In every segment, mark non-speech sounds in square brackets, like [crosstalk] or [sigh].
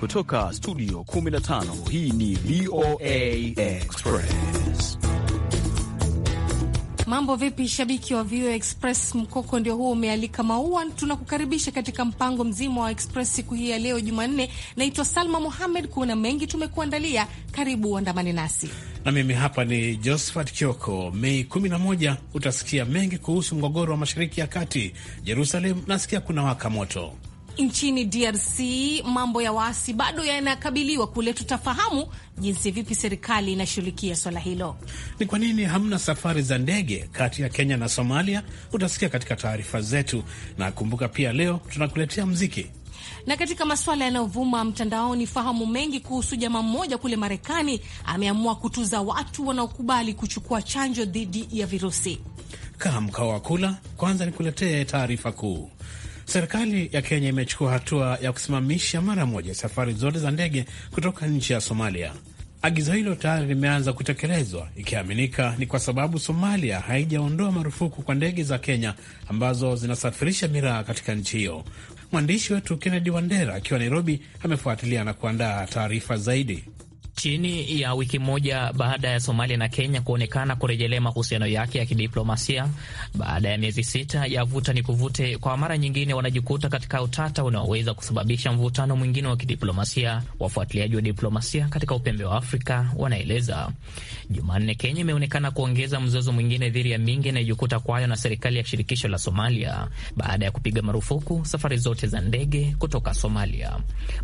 Kutoka studio 15 hii ni VOA Express. Mambo vipi, shabiki wa VOA Express? Mkoko ndio huo umealika maua. Tunakukaribisha katika mpango mzima wa Express siku hii ya leo Jumanne. Naitwa Salma Mohamed, kuna mengi tumekuandalia, karibu uandamane nasi na mimi hapa ni Josephat Kioko. Mei 11 utasikia mengi kuhusu mgogoro wa mashariki ya kati, Jerusalem nasikia kuna waka moto nchini DRC mambo ya waasi bado yanakabiliwa kule. Tutafahamu jinsi vipi serikali inashughulikia swala hilo. Ni kwa nini hamna safari za ndege kati ya Kenya na Somalia? Utasikia katika taarifa zetu, na kumbuka pia leo tunakuletea mziki na katika masuala yanayovuma mtandaoni, fahamu mengi kuhusu jamaa mmoja kule Marekani ameamua kutuza watu wanaokubali kuchukua chanjo dhidi ya virusi. Kaa mkao wa kula kwanza, nikuletee taarifa kuu. Serikali ya Kenya imechukua hatua ya kusimamisha mara moja safari zote za ndege kutoka nchi ya Somalia. Agizo hilo tayari limeanza kutekelezwa, ikiaminika ni kwa sababu Somalia haijaondoa marufuku kwa ndege za Kenya ambazo zinasafirisha miraa katika nchi hiyo. Mwandishi wetu Kennedy Wandera akiwa Nairobi amefuatilia na kuandaa taarifa zaidi. Chini ya wiki moja baada ya Somalia na Kenya kuonekana kurejelea mahusiano yake ya kidiplomasia baada ya miezi sita ya vuta ni kuvute, kwa mara nyingine wanajikuta katika utata unaoweza kusababisha mvutano mwingine wa kidiplomasia, wafuatiliaji wa diplomasia katika upembe wa Afrika wanaeleza. Jumanne, Kenya imeonekana kuongeza mzozo mwingine dhidi ya mingi inayojikuta kwayo na serikali ya shirikisho la Somalia baada ya kupiga marufuku safari zote za ndege kutoka Somalia.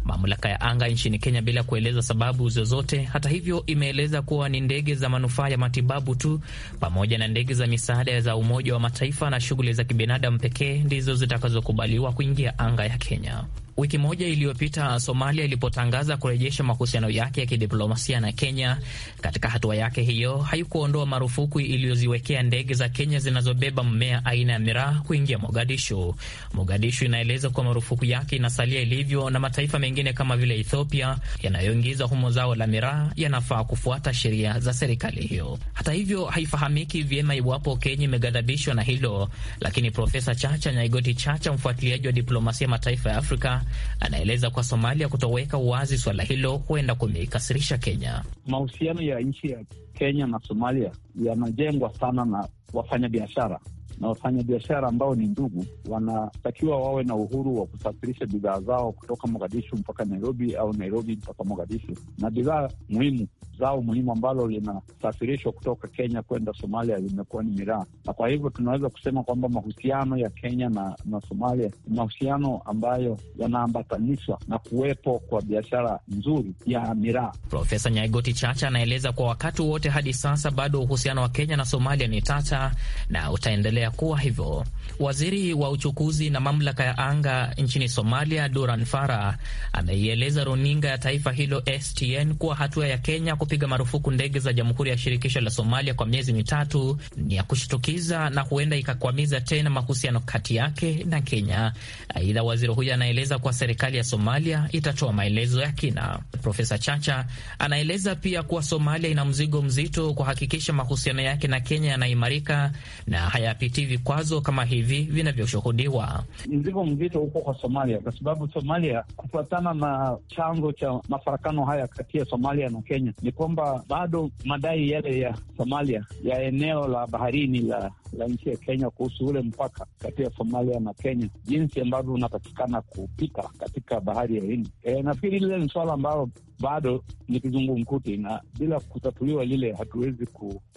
Mamlaka ya anga nchini Kenya bila kueleza sababu zozote zote. Hata hivyo, imeeleza kuwa ni ndege za manufaa ya matibabu tu pamoja na ndege za misaada za Umoja wa Mataifa na shughuli za kibinadamu pekee ndizo zitakazokubaliwa kuingia anga ya Kenya. Wiki moja iliyopita Somalia ilipotangaza kurejesha mahusiano yake ya kidiplomasia na Kenya. Katika hatua yake hiyo, haikuondoa marufuku iliyoziwekea ndege za Kenya zinazobeba mmea aina ya miraa kuingia Mogadishu. Mogadishu inaeleza kuwa marufuku yake inasalia ilivyo, na mataifa mengine kama vile Ethiopia yanayoingiza humo zao la miraa yanafaa kufuata sheria za serikali hiyo. Hata hivyo, haifahamiki vyema iwapo Kenya imeghadhabishwa na hilo, lakini Profesa Chacha Nyaigoti Chacha, mfuatiliaji wa diplomasia mataifa ya Afrika, anaeleza kuwa Somalia kutoweka wazi suala hilo huenda kumeikasirisha Kenya. Mahusiano ya nchi ya Kenya na Somalia yanajengwa sana na wafanyabiashara na wafanyabiashara ambao ni ndugu wanatakiwa wawe na uhuru wa kusafirisha bidhaa zao kutoka Mogadishu mpaka Nairobi au Nairobi mpaka Mogadishu, na bidhaa muhimu zao muhimu ambalo linasafirishwa kutoka Kenya kwenda Somalia limekuwa ni miraa, na kwa hivyo tunaweza kusema kwamba mahusiano ya Kenya na, na Somalia ni mahusiano ambayo yanaambatanishwa na kuwepo kwa biashara nzuri ya miraa. Profesa Nyaigoti Chacha anaeleza kwa wakati wote hadi sasa bado uhusiano wa Kenya na Somalia ni tata na utaendelea inaendelea kuwa hivyo. Waziri wa uchukuzi na mamlaka ya anga nchini Somalia, Duran Fara, ameieleza runinga ya taifa hilo STN kuwa hatua ya Kenya kupiga marufuku ndege za Jamhuri ya Shirikisho la Somalia kwa miezi mitatu ni ya kushtukiza na huenda ikakwamiza tena mahusiano kati yake na Kenya. Aidha, waziri huyo anaeleza kuwa serikali ya Somalia itatoa maelezo ya kina. Profesa Chacha anaeleza pia kuwa Somalia ina mzigo mzito kuhakikisha mahusiano yake na Kenya yanaimarika na hayapi kudhibiti vikwazo kama hivi vinavyoshuhudiwa. Mzigo mzito huko kwa Somalia kwa sababu Somalia, kufuatana na chanzo cha mafarakano haya kati ya Somalia na Kenya, ni kwamba bado madai yale ya Somalia ya eneo la baharini la la nchi ya Kenya kuhusu ule mpaka kati ya Somalia na Kenya, jinsi ambavyo unapatikana kupita katika bahari ya Hindi. E, nafikiri lile ni suala ambalo bado ni kizungumkuti, na bila kutatuliwa lile hatuwezi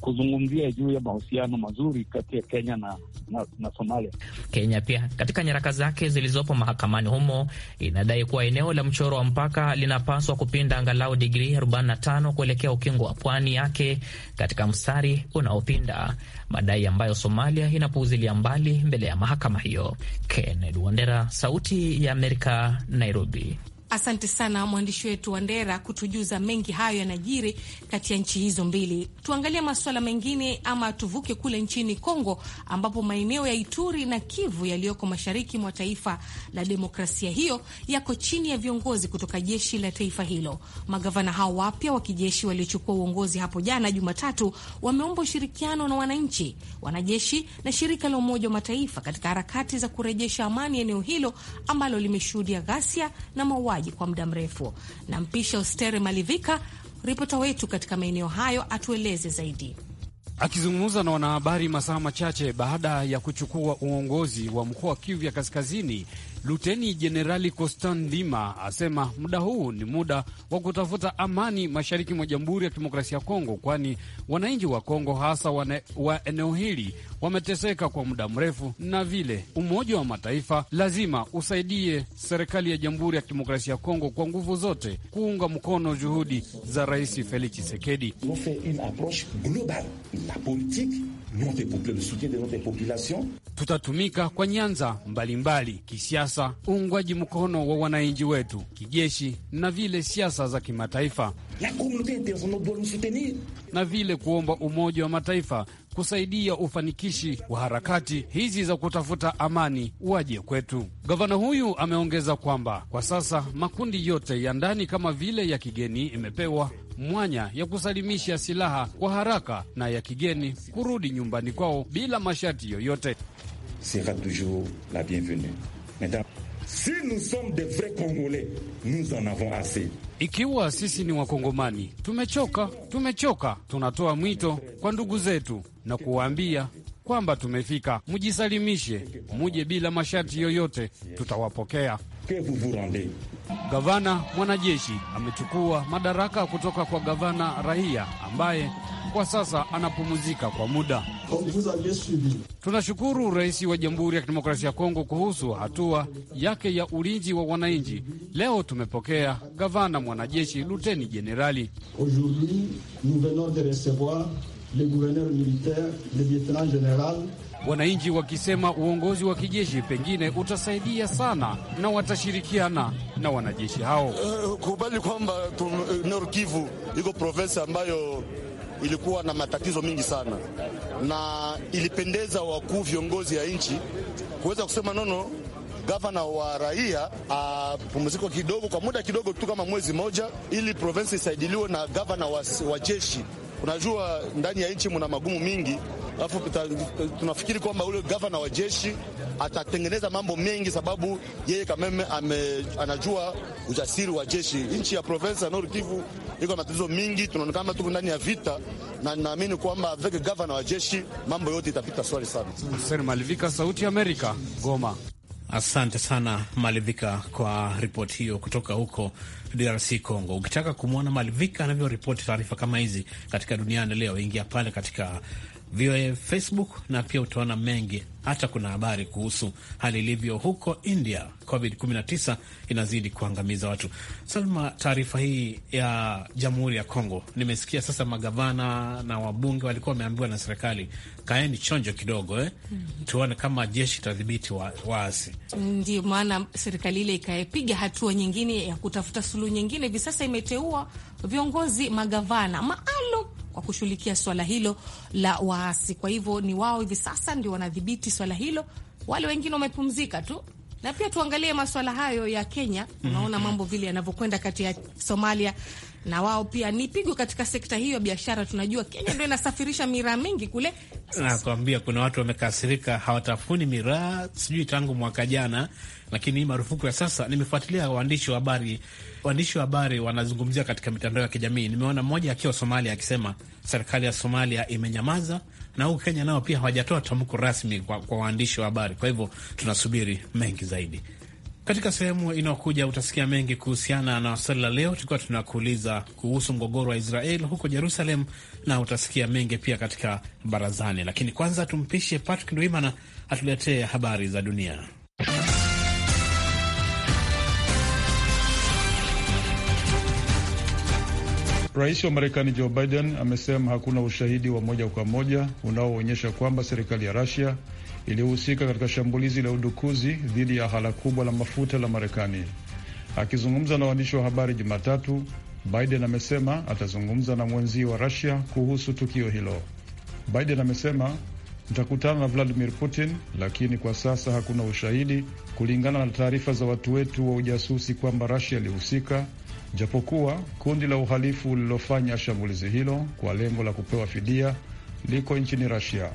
kuzungumzia juu ya mahusiano mazuri kati ya Kenya na, na, na Somalia. Kenya pia katika nyaraka zake zilizopo mahakamani humo inadai kuwa eneo la mchoro wa mpaka linapaswa kupinda angalau digrii 45 kuelekea ukingo wa pwani yake katika mstari unaopinda, madai ambayo Somalia inapuuzilia mbali mbele ya mahakama hiyo. Kenneth Wandera, Sauti ya Amerika, Nairobi. Asante sana mwandishi wetu wa Ndera kutujuza mengi hayo yanajiri kati ya nchi hizo mbili. Tuangalie masuala mengine ama tuvuke kule nchini Kongo, ambapo maeneo ya Ituri na Kivu yaliyoko mashariki mwa taifa la demokrasia hiyo yako chini ya viongozi kutoka jeshi la taifa hilo. Magavana hao wapya wa kijeshi waliochukua uongozi hapo jana Jumatatu wameomba ushirikiano na wananchi, wanajeshi na shirika la Umoja wa Mataifa katika harakati za kurejesha amani eneo hilo ambalo limeshuhudia ghasia na mauaji maji kwa muda mrefu. Na mpisha Ustere Malivika, ripota wetu katika maeneo hayo, atueleze zaidi. Akizungumza na wanahabari masaa machache baada ya kuchukua uongozi wa mkoa wa Kivu ya Kaskazini, Luteni Jenerali Costan Ndima asema muda huu ni muda wa kutafuta amani mashariki mwa Jamhuri ya Kidemokrasia ya Kongo, kwani wananchi wa Kongo hasa wane, wa eneo hili wameteseka kwa muda mrefu, na vile Umoja wa Mataifa lazima usaidie serikali ya Jamhuri ya Kidemokrasia ya Kongo kwa nguvu zote kuunga mkono juhudi za Rais Felix Tshisekedi le soutien de notre population. Tutatumika kwa nyanza mbalimbali, kisiasa, uungwaji mkono wa wananchi wetu, kijeshi na vile siasa za kimataifa, na vile kuomba Umoja wa Mataifa kusaidia ufanikishi wa harakati hizi za kutafuta amani waje kwetu. Gavana huyu ameongeza kwamba kwa sasa makundi yote ya ndani kama vile ya kigeni imepewa mwanya ya kusalimisha silaha kwa haraka na ya kigeni kurudi nyumbani kwao bila masharti yoyote. sera toujours la bienvenue Si nous sommes de vrais Congolais, nous en avons assez. Ikiwa sisi ni Wakongomani, tumechoka, tumechoka. Tunatoa mwito kwa ndugu zetu na kuwaambia kwamba tumefika, mujisalimishe, muje bila masharti yoyote, tutawapokea que vous vous rendez. Gavana mwanajeshi amechukua madaraka kutoka kwa gavana raia ambaye kwa sasa anapumzika kwa muda. Tunashukuru rais wa Jamhuri ya Kidemokrasia ya Kongo kuhusu hatua yake ya ulinzi wa wananchi. Leo tumepokea gavana mwanajeshi luteni jenerali wananchi wakisema uongozi wa kijeshi pengine utasaidia sana na watashirikiana na wanajeshi hao. Uh, kubali kwamba eh, Nord Kivu iko provensa ambayo ilikuwa na matatizo mingi sana, na ilipendeza wakuu viongozi ya nchi kuweza kusema nono gavana wa raia apumzikwa kidogo kwa muda kidogo tu kama mwezi moja, ili provensi isaidiliwe na gavana wa, wa jeshi Unajua ndani ya nchi muna magumu mingi, alafu tunafikiri kwamba ule gavana wa jeshi atatengeneza mambo mengi, sababu yeye kameme ame, anajua ujasiri wa jeshi. Nchi ya provensa ya Nord Kivu iko na matatizo mingi, tunaonekana tuko ndani ya vita, na naamini kwamba avec gavana wa jeshi mambo yote itapita swali sana. Malivika, Sauti ya Amerika, Goma. Asante sana Malivika kwa ripoti hiyo kutoka huko DRC Congo. Ukitaka kumwona Malivika anavyoripoti taarifa kama hizi katika Duniani Leo, ingia pale katika VOA Facebook, na pia utaona mengi, hata kuna habari kuhusu hali ilivyo huko India. COVID-19 inazidi kuangamiza watu. Salma, taarifa hii ya Jamhuri ya Kongo nimesikia sasa, magavana na wabunge walikuwa wameambiwa na serikali, kaeni chonjo kidogo eh? mm -hmm. Tuone kama jeshi itadhibiti waasi ndio maana serikali ile ikapiga hatua nyingine ya kutafuta suluhu nyingine. Hivi sasa imeteua viongozi magavana maalum kwa kushughulikia swala hilo la waasi. Kwa hivyo ni wao hivi sasa ndio wanadhibiti swala hilo, wale wengine wamepumzika tu na pia tuangalie masuala hayo ya Kenya. Mhm. Unaona mambo vile yanavyokwenda kati ya Somalia na wao pia ni pigo katika sekta hiyo ya biashara. Tunajua Kenya ndio inasafirisha miraa mingi kule. Nakwambia kuna watu wamekasirika, hawatafuni miraa sijui tangu mwaka jana, lakini hii marufuku ya sasa. Nimefuatilia waandishi wa habari, waandishi wa habari wanazungumzia katika mitandao ya kijamii. Nimeona mmoja akiwa Somalia akisema serikali ya Somalia imenyamaza na huku Kenya nao pia hawajatoa tamko rasmi kwa, kwa waandishi wa habari. Kwa hivyo tunasubiri mengi zaidi. Katika sehemu inayokuja utasikia mengi kuhusiana na swali la leo, tukiwa tunakuuliza kuhusu mgogoro wa Israel huko Jerusalem, na utasikia mengi pia katika barazani. Lakini kwanza tumpishe Patrick Ndwimana atuletee habari za dunia. Rais wa Marekani Joe Biden amesema hakuna ushahidi wa moja kwa moja unaoonyesha kwamba serikali ya Rusia ilihusika katika shambulizi la udukuzi dhidi ya hala kubwa la mafuta la Marekani. Akizungumza na waandishi wa habari Jumatatu, Biden amesema atazungumza na mwenzii wa Rusia kuhusu tukio hilo. Biden amesema nitakutana na Vladimir Putin, lakini kwa sasa hakuna ushahidi, kulingana na taarifa za watu wetu wa ujasusi, kwamba Rusia ilihusika japokuwa kundi la uhalifu lililofanya shambulizi hilo kwa lengo la kupewa fidia liko nchini Rasia.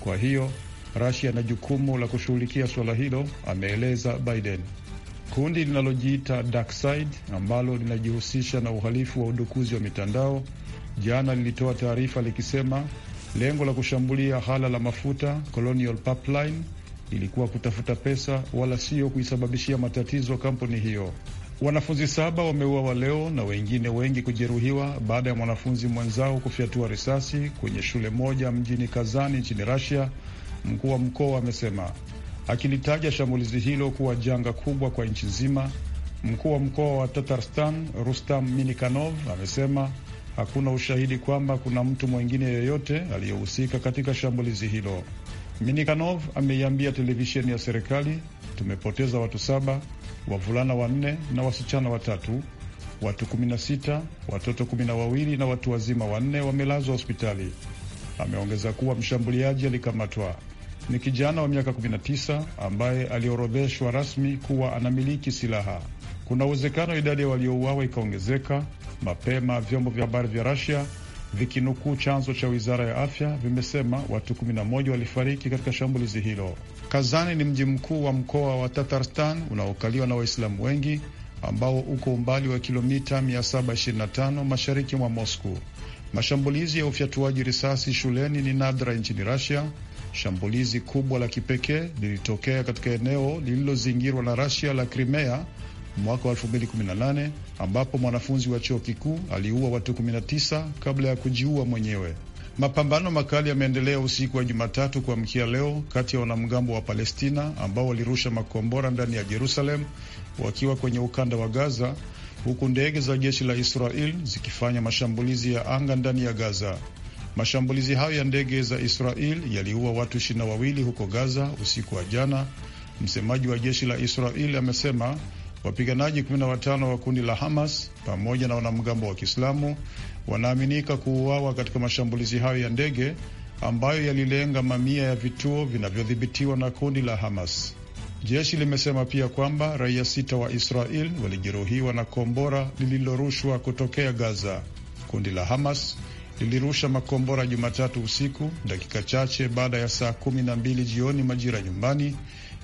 Kwa hiyo Rasia ina jukumu la kushughulikia suala hilo, ameeleza Biden. Kundi linalojiita Darkside ambalo linajihusisha na uhalifu wa udukuzi wa mitandao, jana lilitoa taarifa likisema lengo la kushambulia hala la mafuta Colonial Pipeline ilikuwa kutafuta pesa, wala sio kuisababishia matatizo kampuni hiyo. Wanafunzi saba wameuawa leo na wengine wengi kujeruhiwa baada ya mwanafunzi mwenzao kufyatua risasi kwenye shule moja mjini Kazani nchini Rasia, mkuu wa mkoa amesema, akilitaja shambulizi hilo kuwa janga kubwa kwa nchi nzima. Mkuu wa mkoa wa Tatarstan Rustam Minikanov amesema hakuna ushahidi kwamba kuna mtu mwingine yeyote aliyehusika katika shambulizi hilo. Minikanov ameiambia televisheni ya serikali, tumepoteza watu saba wavulana wanne na wasichana watatu. Watu 16, watoto 12 na watu wazima wanne wamelazwa hospitali. Ameongeza kuwa mshambuliaji alikamatwa ni kijana wa miaka 19 ambaye aliorodheshwa rasmi kuwa anamiliki silaha. Kuna uwezekano idadi ya waliouawa ikaongezeka. Mapema vyombo vya habari vya Russia vikinukuu chanzo cha wizara ya afya vimesema watu 11 walifariki katika shambulizi hilo. Kazani ni mji mkuu wa mkoa wa Tatarstan unaokaliwa na Waislamu wengi ambao uko umbali wa kilomita 725 mashariki mwa Moscow. Mashambulizi ya ufyatuaji risasi shuleni ni nadra nchini Russia. Shambulizi kubwa la kipekee lilitokea katika eneo lililozingirwa na Russia la Crimea mwaka wa 2018 ambapo mwanafunzi wa chuo kikuu aliua watu 19 kabla ya kujiua mwenyewe. Mapambano makali yameendelea usiku wa Jumatatu kuamkia leo kati ya wanamgambo wa Palestina ambao walirusha makombora ndani ya Jerusalem wakiwa kwenye ukanda wa Gaza, huku ndege za jeshi la Israel zikifanya mashambulizi ya anga ndani ya Gaza. Mashambulizi hayo ya ndege za Israel yaliua watu ishirini wawili huko Gaza usiku wa jana. Msemaji wa jeshi la Israel amesema Wapiganaji 15 wa kundi la Hamas pamoja na wanamgambo wa Kiislamu wanaaminika kuuawa katika mashambulizi hayo ya ndege ambayo yalilenga mamia ya vituo vinavyodhibitiwa na kundi la Hamas. Jeshi limesema pia kwamba raia sita wa Israel walijeruhiwa na kombora lililorushwa kutokea Gaza. Kundi la Hamas lilirusha makombora Jumatatu usiku, dakika chache baada ya saa kumi na mbili jioni majira nyumbani,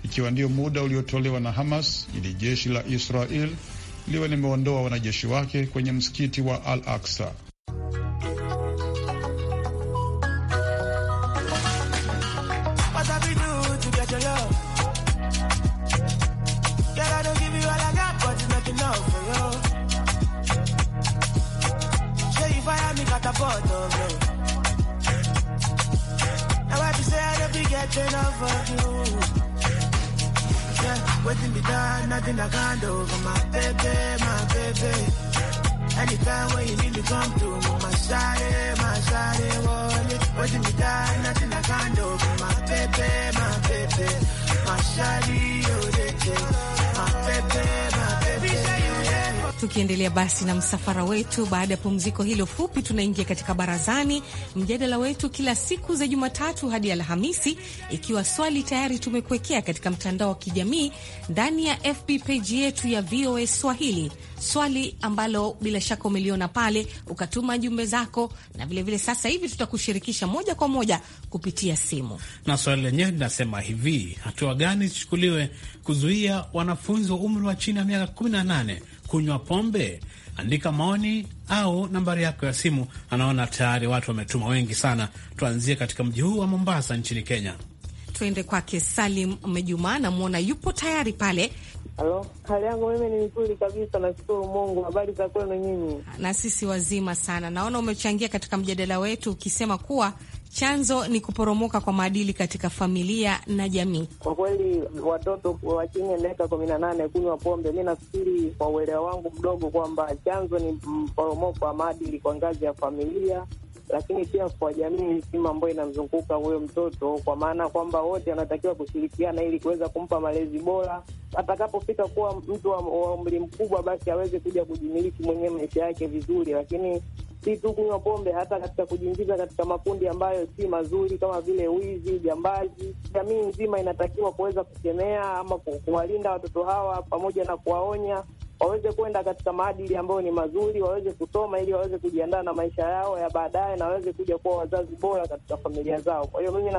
ikiwa ndio muda uliotolewa na Hamas ili jeshi la Israel liwe limeondoa wanajeshi wake kwenye msikiti wa Al Aksa waiting be done, nothing I can't do for my baby, my baby. Anytime when you need me, come through with my side, my side, wallet. Waiting be done, nothing I can't do for my baby, my baby, my shawty. Tukiendelea basi na msafara wetu, baada ya pumziko hilo fupi, tunaingia katika barazani, mjadala wetu kila siku za Jumatatu hadi Alhamisi, ikiwa swali tayari tumekuwekea katika mtandao wa kijamii ndani ya FB page yetu ya VOA Swahili, swali ambalo bila shaka umeliona pale ukatuma jumbe zako, na vilevile sasa hivi tutakushirikisha moja kwa moja kupitia simu, na swali lenyewe linasema hivi: hatua gani zichukuliwe kuzuia wanafunzi wa umri wa chini ya miaka 18 kunywa pombe? Andika maoni au nambari yako ya simu. Anaona tayari watu wametuma wengi sana. Tuanzie katika mji huu wa Mombasa nchini Kenya. Tuende kwake Salim mejumaa namwona yupo tayari pale. Halo, hali yangu mimi ni nzuri kabisa, nashukuru Mungu. Habari za kwenu nyinyi? Na sisi wazima sana. Naona umechangia katika mjadala wetu ukisema kuwa Chanzo ni kuporomoka kwa maadili katika familia na jamii. Kwa kweli, watoto wa chini ya miaka kumi na nane kunywa pombe, mi nafikiri kwa uelewa wangu mdogo kwamba chanzo ni mporomoko wa maadili kwa ngazi ya familia lakini pia kwa jamii nzima ambayo inamzunguka huyo mtoto, kwa maana kwamba wote wanatakiwa kushirikiana ili kuweza kumpa malezi bora. Atakapofika kuwa mtu wa umri mkubwa, basi aweze kuja kujimiliki mwenyewe maisha yake vizuri, lakini si tu kunywa pombe, hata katika kujiingiza katika makundi ambayo si mazuri kama vile wizi, jambazi. Jamii nzima inatakiwa kuweza kukemea ama kuwalinda watoto hawa pamoja na kuwaonya waweze kwenda katika maadili ambayo ni mazuri, waweze kusoma ili waweze kujiandaa na maisha yao ya baadaye, na waweze kuja kuwa wazazi bora katika familia zao. Kwa hiyo mimi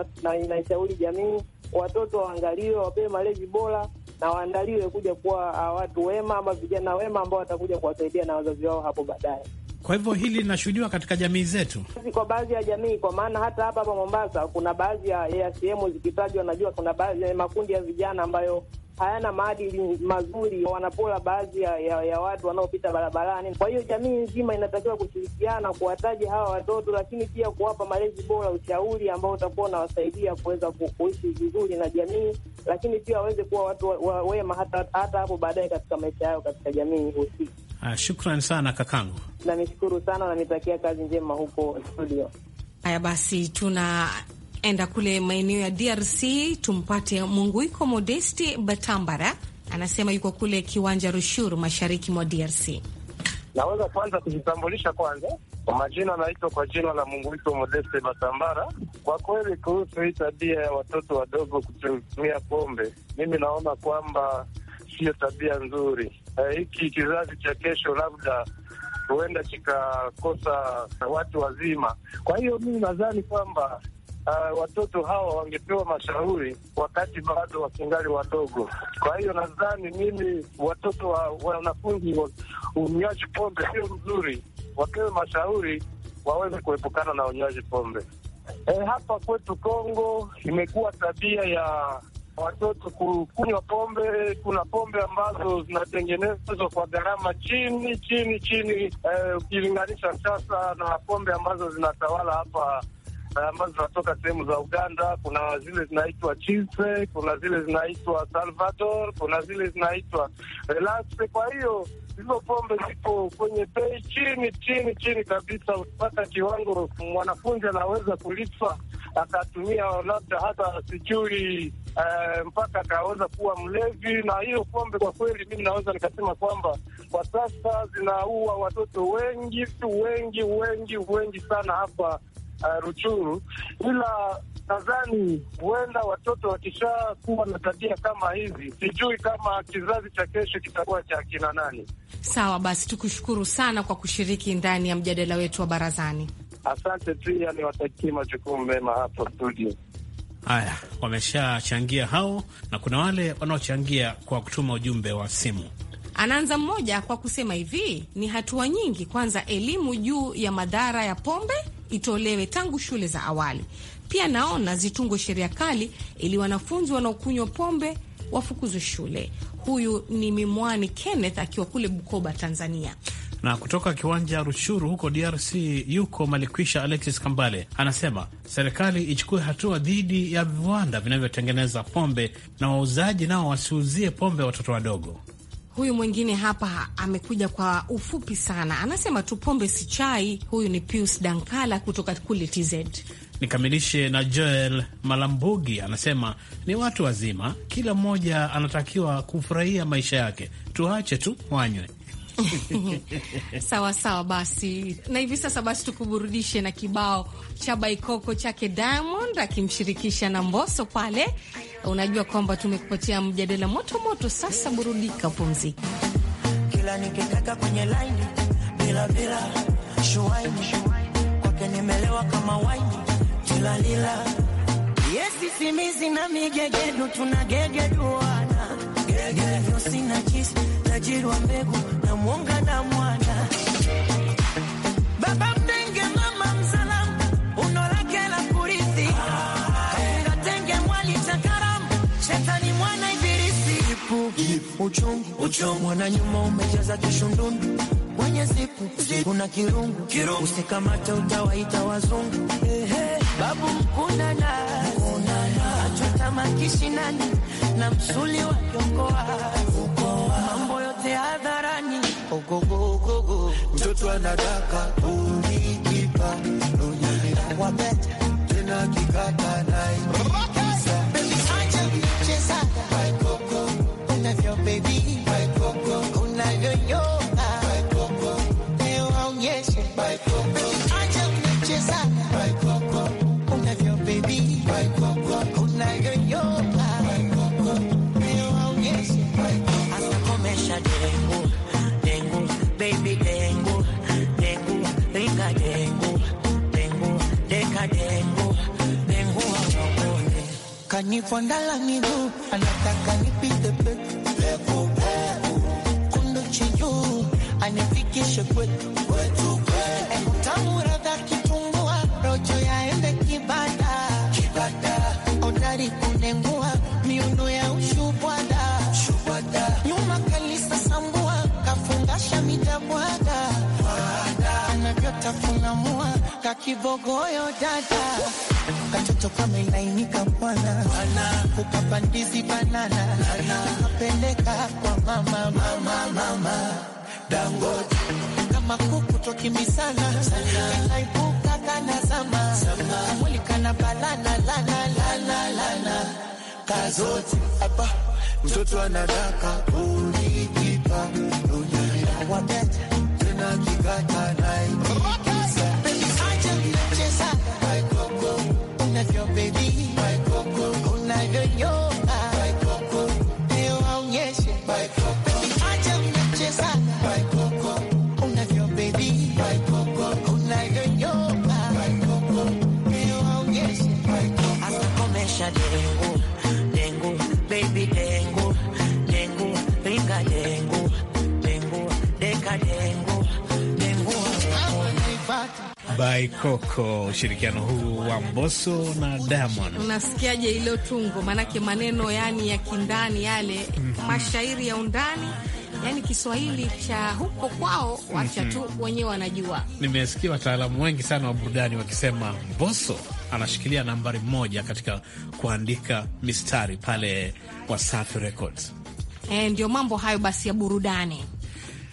naishauri na, jamii, watoto waangaliwe, wapewe malezi bora na waandaliwe kuja kuwa ah, watu wema ama vijana wema ambao watakuja kuwasaidia na wazazi wao hapo baadaye. Kwa hivyo hili linashuhudiwa katika jamii zetu, kwa baadhi ya jamii, kwa maana hata hapa hapa Mombasa kuna baadhi ya sehemu zikitajwa, najua kuna baadhi ya makundi ya vijana ambayo hayana maadili mazuri, wanapola baadhi ya, ya, ya watu wanaopita barabarani. Kwa hiyo jamii nzima inatakiwa kushirikiana kuwataja hawa watoto, lakini pia kuwapa malezi bora, ushauri ambao utakuwa unawasaidia kuweza kuishi vizuri na jamii, lakini pia waweze kuwa watu wema wa, hata hapo baadaye katika maisha yao katika jamii husika. Uh, shukran sana kakangu, namshukuru sana nanitakia kazi njema huko studio. Haya basi, tunaenda kule maeneo ya DRC tumpate Munguiko Modesti Batambara, anasema yuko kule kiwanja Rushuru, mashariki mwa DRC. Naweza kwanza kujitambulisha kwanza kwa majina, anaitwa kwa jina la Munguiko Modeste Batambara. Kwa kweli, kuhusu hii tabia ya watoto wadogo kutumia pombe, mimi naona kwamba siyo tabia nzuri Eh, hiki uh, kizazi cha kesho labda huenda kikakosa watu wazima. Kwa hiyo mimi nadhani kwamba uh, watoto hawa wangepewa mashauri wakati bado wakingali wadogo. Kwa hiyo nadhani mimi watoto wa wanafunzi, unywaji pombe sio mzuri, wapewe mashauri waweze kuepukana na unywaji pombe. E, hapa kwetu Kongo imekuwa tabia ya watoto kunywa pombe. Kuna pombe ambazo zinatengenezwa kwa gharama chini chini chini eh, ukilinganisha eh, sasa na pombe ambazo zinatawala hapa eh, ambazo zinatoka sehemu za Uganda. Kuna zile zinaitwa Chise, kuna zile zinaitwa Salvador, kuna zile zinaitwa Relaxe. Eh, kwa hiyo hizo pombe zipo kwenye bei chini chini chini kabisa, mpaka kiwango mwanafunzi anaweza kulipa akatumia labda hata sijui Uh, mpaka akaweza kuwa mlevi. Na hiyo pombe kwa kweli, mimi naweza nikasema kwamba kwa sasa zinaua watoto wengi tu wengi wengi wengi sana hapa uh, Ruchuru, ila nadhani huenda watoto wakishakuwa na tabia kama hizi, sijui kama kizazi cha kesho kitakuwa cha kina nani. Sawa basi, tukushukuru sana kwa kushiriki ndani ya mjadala wetu wa barazani. Asante pia niwatakie majukumu mema hapo studio. Haya, wameshachangia hao, na kuna wale wanaochangia kwa kutuma ujumbe wa simu. Anaanza mmoja kwa kusema hivi, ni hatua nyingi. Kwanza, elimu juu ya madhara ya pombe itolewe tangu shule za awali. Pia naona zitungwe sheria kali, ili wanafunzi wanaokunywa pombe wafukuzwe shule. Huyu ni Mimwani Kenneth akiwa kule Bukoba, Tanzania. Na kutoka kiwanja Rushuru huko DRC yuko Malikwisha Alexis Kambale, anasema serikali ichukue hatua dhidi ya viwanda vinavyotengeneza pombe na wauzaji nao wasiuzie pombe watoto wadogo. Huyu mwingine hapa amekuja kwa ufupi sana, anasema tu pombe si chai. Huyu ni Pius Dankala kutoka kule TZ. Nikamilishe na Joel Malambugi, anasema ni watu wazima, kila mmoja anatakiwa kufurahia maisha yake, tuache tu wanywe. [laughs] sawa sawa, basi na hivi sasa basi tukuburudishe na kibao cha baikoko chake Diamond akimshirikisha na Mboso pale. Unajua kwamba tumekupatia mjadala moto moto, sasa burudika, pumzika. Kila nikitaka kwenye laini bila bila shuaini kwake nimelewa kama waini tilalila yesi simizi na migegedu tuna gegeduana gegedu sina chisi tajiri wa mbegu Uchungu, uchungu mwana nyuma umejaza kishundundu kwenye zipu, kuna kirungu, kirungu usikamata utawaita wazungu eh, hey, babu mkunana achutamakishinani na msuli wa kiongoa mambo yote hadhara ogogogogo, mtoto tena kikata kanipondala miguu anataka nipite peku kundo chijuu anifikishe kwetu eutamuradha kitungua rojo yaende kibada odari kunengua miundo ya ushubwada nyuma kalisa sambua kafungasha mitabwada anavyotafuna mua kakibogoyo dada Katoto kamelainika bwana, kukapa ndizi banana, kapeleka kwa mama, mama, mama Dangote kama kuku tokimizana, kalaibuka kanazama, kamwili kana balana lana, lana, lana kazote hapa mtoto anadaka unikipa unyanya wabeta tena kikata naiki unavyo coco, unavyo nyoa by Coco, ushirikiano huu wa mboso na Diamond. Unasikiaje ilo tungo? Maanake maneno yani ya kindani yale, mm -hmm. mashairi ya undani Yani Kiswahili cha huko kwao, wacha tu mhm. wenyewe wanajua. Nimesikia wataalamu wengi sana wa burudani wakisema mboso anashikilia nambari moja katika kuandika mistari pale Wasafi Records. E, ndio mambo hayo basi ya burudani.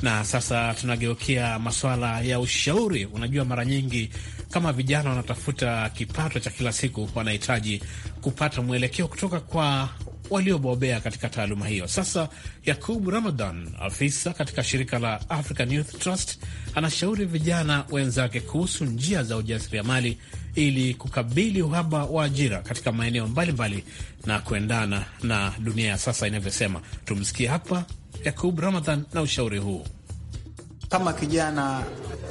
Na sasa tunageukia masuala ya ushauri. Unajua, mara nyingi kama vijana wanatafuta kipato cha kila siku, wanahitaji kupata mwelekeo kutoka kwa waliobobea katika taaluma hiyo. Sasa Yakub Ramadan, afisa katika shirika la African Youth Trust, anashauri vijana wenzake kuhusu njia za ujasiriamali ili kukabili uhaba wa ajira katika maeneo mbalimbali na kuendana na dunia ya sasa inavyosema. Tumsikie hapa Yakub Ramadhan na ushauri huu. Kama kijana,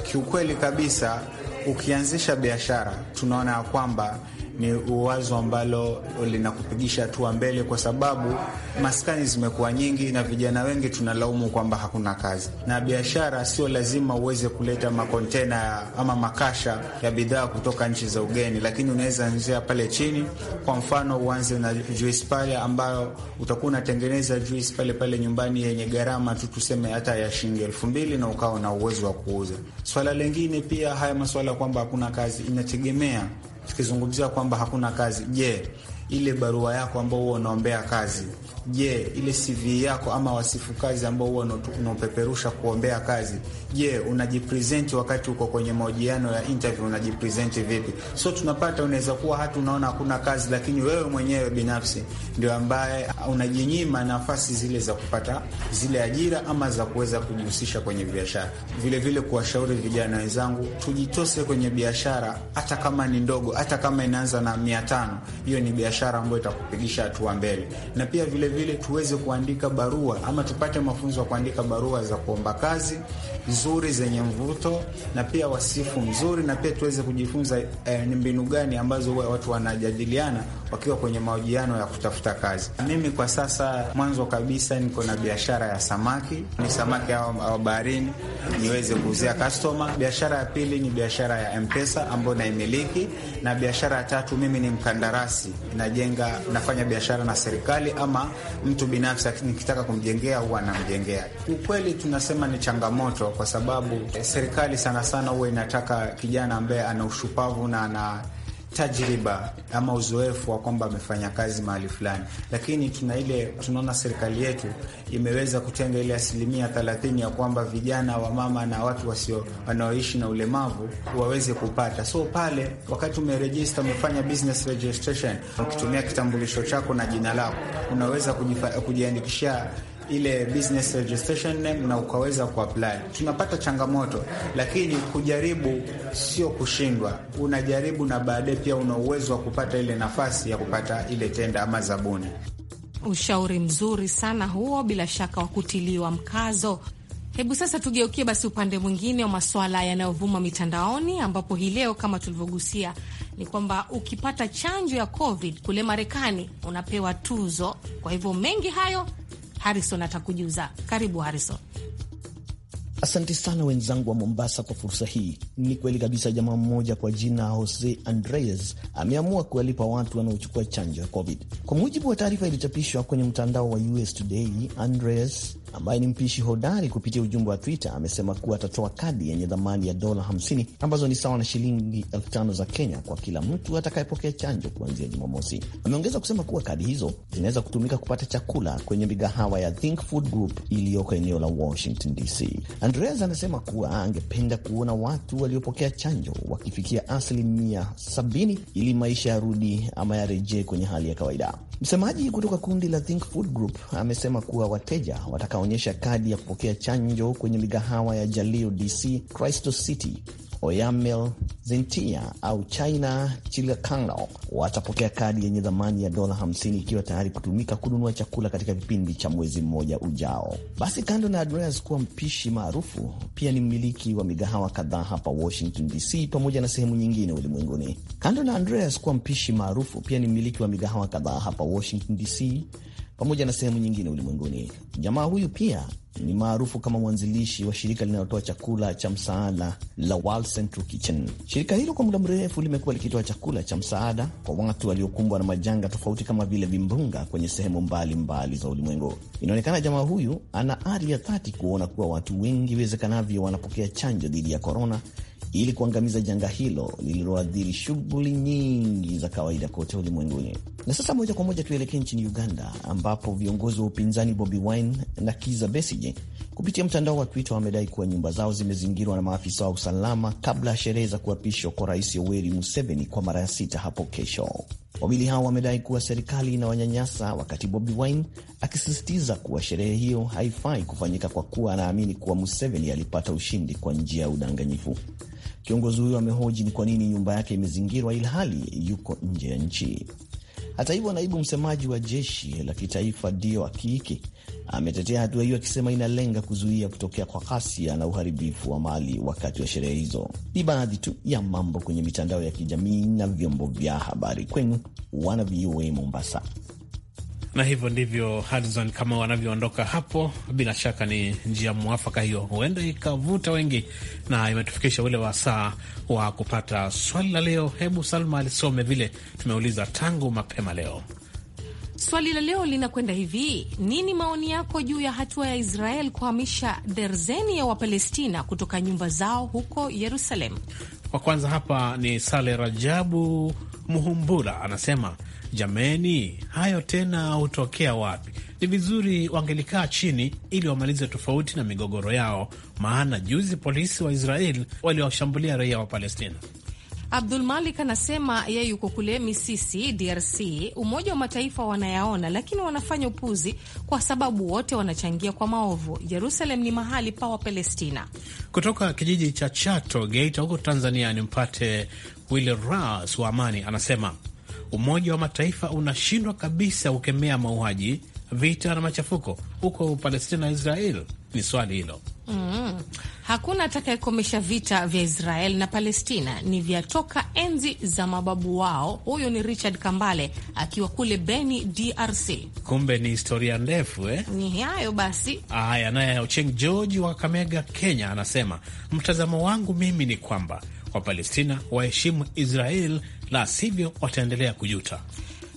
kiukweli kabisa, ukianzisha biashara, tunaona ya kwamba ni uwazo ambalo linakupigisha hatua mbele, kwa sababu maskani zimekuwa nyingi na vijana wengi tunalaumu kwamba hakuna kazi. Na biashara sio lazima uweze kuleta makontena ama makasha ya bidhaa kutoka nchi za ugeni, lakini unaweza anzia pale chini. Kwa mfano, uanze na juice pale ambayo utakuwa unatengeneza juice pale pale nyumbani yenye gharama tu tuseme hata ya shilingi elfu mbili na ukawa na uwezo wa kuuza. Swala lingine pia, haya maswala kwamba hakuna kazi inategemea tukizungumzia kwamba hakuna kazi. Je, ile barua yako ambao huwa unaombea kazi. Je, ile CV yako ama wasifu kazi ambao huwa unaopeperusha kuombea kazi, je, unajipresenti wakati uko kwenye mahojiano ya interview, unajipresenti vipi? So tunapata, unaweza kuwa hata unaona hakuna kazi, lakini wewe mwenyewe binafsi ndio ambaye unajinyima nafasi zile za kupata zile ajira ama za kuweza kujihusisha kwenye biashara. Vilevile kuwashauri vijana wenzangu, tujitose kwenye biashara, hata kama ni ndogo, hata kama inaanza na mia tano, hiyo ni biashara biashara ambayo itakupigisha hatua mbele, na pia vilevile vile tuweze kuandika barua ama tupate mafunzo ya kuandika barua za kuomba kazi nzuri zenye mvuto na pia wasifu mzuri, na pia tuweze kujifunza eh, ni mbinu gani ambazo huwa watu wanajadiliana wakiwa kwenye mahojiano ya kutafuta kazi. Mimi kwa sasa, mwanzo kabisa, niko na biashara ya samaki, ni samaki wa baharini niweze kuuzia customer. Biashara ya pili ni biashara ya mpesa ambayo naimiliki, na biashara ya tatu, mimi ni mkandarasi, najenga, nafanya biashara na serikali ama mtu binafsi, nikitaka kumjengea huwa namjengea. Ukweli tunasema ni changamoto kwa sababu eh, serikali sana sana huwa inataka kijana ambaye ana ushupavu na ana tajriba ama uzoefu wa kwamba amefanya kazi mahali fulani, lakini tuna ile tunaona serikali yetu imeweza kutenga ile asilimia thelathini ya kwamba vijana wa mama na watu wasio wanaoishi na ulemavu waweze kupata. So pale wakati umerejista, umefanya business registration, ukitumia kitambulisho chako na jina lako, unaweza kujiandikishia ile business registration name na ukaweza kuapply. Tunapata changamoto, lakini kujaribu sio kushindwa. Unajaribu na baadaye pia una uwezo wa kupata ile nafasi ya kupata ile tenda ama zabuni. Ushauri mzuri sana huo, bila shaka wa kutiliwa mkazo. Hebu sasa tugeukie basi upande mwingine wa masuala yanayovuma mitandaoni, ambapo hii leo kama tulivyogusia ni kwamba ukipata chanjo ya COVID kule Marekani unapewa tuzo. Kwa hivyo mengi hayo Harrison atakujuza. Karibu Harrison. Asante sana wenzangu wa Mombasa kwa fursa hii. Ni kweli kabisa, jamaa mmoja kwa jina Jose Andreas ameamua kuwalipa watu wanaochukua chanjo ya COVID. Kwa mujibu wa taarifa iliyochapishwa kwenye mtandao wa US Today, Andreas ambaye ni mpishi hodari, kupitia ujumbe wa Twitter amesema kuwa atatoa kadi yenye dhamani ya dola 50 ambazo ni sawa na shilingi elfu tano za Kenya kwa kila mtu atakayepokea chanjo kuanzia Jumamosi. Ameongeza kusema kuwa kadi hizo zinaweza kutumika kupata chakula kwenye migahawa ya Think Food Group iliyoko eneo la Washington DC. Andreas anasema kuwa angependa kuona watu waliopokea chanjo wakifikia asilimia 70 ili maisha yarudi ama yarejee kwenye hali ya kawaida. Msemaji kutoka kundi la Think Food Group amesema kuwa wateja watakaonyesha kadi ya kupokea chanjo kwenye migahawa ya Jalio DC, Crystal City Oyamel Zentia au China Chilakano watapokea kadi yenye thamani ya dola 50 ikiwa tayari kutumika kununua chakula katika kipindi cha mwezi mmoja ujao. Basi kando na Andreas kuwa mpishi maarufu, pia ni mmiliki wa migahawa kadhaa hapa Washington DC pamoja na sehemu nyingine ulimwenguni. Kando na Andreas kuwa mpishi maarufu, pia ni mmiliki wa migahawa kadhaa hapa Washington DC pamoja na sehemu nyingine ulimwenguni. Jamaa huyu pia ni maarufu kama mwanzilishi wa shirika linalotoa chakula cha msaada la World Central Kitchen. Shirika hilo kwa muda mrefu limekuwa likitoa chakula cha msaada kwa watu waliokumbwa na majanga tofauti kama vile vimbunga kwenye sehemu mbalimbali mbali za ulimwengu. Inaonekana jamaa huyu ana ari ya dhati kuona kuwa watu wengi iwezekanavyo wanapokea chanjo dhidi ya korona ili kuangamiza janga hilo lililoathiri shughuli nyingi za kawaida kote ulimwenguni. Na sasa moja kwa moja tuelekee nchini Uganda, ambapo viongozi wa upinzani Bobi Wine na Kiza Besige kupitia mtandao wa Twitter wamedai kuwa nyumba zao zimezingirwa na maafisa wa usalama kabla ya sherehe za kuapishwa kwa Rais Yoweri Museveni kwa mara ya sita hapo kesho. Wawili hao wamedai kuwa serikali inawanyanyasa, wakati Bobi Wine akisisitiza kuwa sherehe hiyo haifai kufanyika kwa kuwa anaamini kuwa Museveni alipata ushindi kwa njia ya udanganyifu. Kiongozi huyo amehoji ni kwa nini nyumba yake imezingirwa ilhali yuko nje ya nchi. Hata hivyo, naibu msemaji wa jeshi la kitaifa Dio Akiiki ametetea hatua hiyo akisema inalenga kuzuia kutokea kwa ghasia na uharibifu wa mali wakati wa sherehe hizo. Ni baadhi tu ya mambo kwenye mitandao ya kijamii na vyombo vya habari. Kwenu wana VOA Mombasa na hivyo ndivyo Harrison kama wanavyoondoka hapo. Bila shaka ni njia mwafaka hiyo, huenda ikavuta wengi, na imetufikisha ule wasaa wa kupata swali la leo. Hebu Salma alisome vile tumeuliza tangu mapema leo. Swali la leo linakwenda hivi: nini maoni yako juu ya hatua ya Israel kuhamisha dherzeni ya Wapalestina kutoka nyumba zao huko Yerusalemu? Wa kwanza hapa ni Sale Rajabu Muhumbura, anasema jameni, hayo tena hutokea wapi? Ni vizuri wangelikaa chini ili wamalize tofauti na migogoro yao, maana juzi polisi wa Israeli waliwashambulia raia wa Palestina. Abdul Malik anasema yeye yuko kule Misisi, DRC. Umoja wa Mataifa wanayaona, lakini wanafanya upuzi kwa sababu wote wanachangia kwa maovu. Jerusalem ni mahali pa Wapalestina. Kutoka kijiji cha Chato, Geita huko Tanzania ni mpate Will Ras wa Amani anasema Umoja wa Mataifa unashindwa kabisa kukemea mauaji, vita na machafuko huko Palestina na Israel. Ni swali hilo. Mm. Hakuna atakayekomesha vita vya Israel na Palestina, ni vya toka enzi za mababu wao. Huyu ni Richard Kambale akiwa kule Beni, DRC. Kumbe ni historia ndefu eh? Ni hayo basi. Haya, naye Ocheng George wa Kamega, Kenya, anasema mtazamo wangu mimi ni kwamba Wapalestina waheshimu Israel, la sivyo wataendelea kujuta.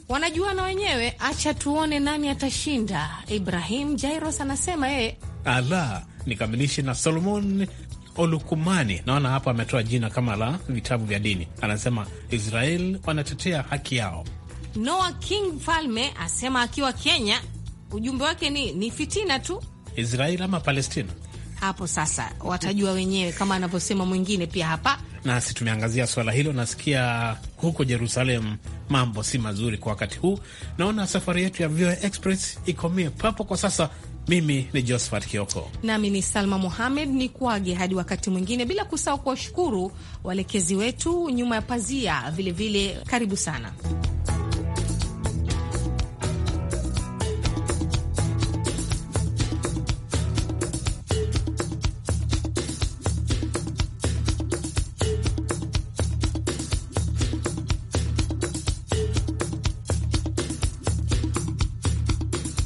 Wanajuana wenyewe, acha tuone nani atashinda. Ibrahim Jairos anasema yeye ala nikamilishe na Solomon Olukumani, naona hapo ametoa jina kama la vitabu vya dini. Anasema Israel wanatetea haki yao. Noa King Falme asema akiwa Kenya, ujumbe wake ni ni fitina tu, Israel ama Palestina. Hapo sasa watajua wenyewe, kama anavyosema mwingine pia hapa nasi tumeangazia swala hilo. Nasikia huko Jerusalem mambo si mazuri kwa wakati huu. Naona safari yetu ya VOA Express ikomie papo kwa sasa. Mimi ni Josephat Kioko nami ni Salma Muhamed, ni kuage hadi wakati mwingine, bila kusahau kuwashukuru waelekezi wetu nyuma ya pazia vilevile. Karibu sana.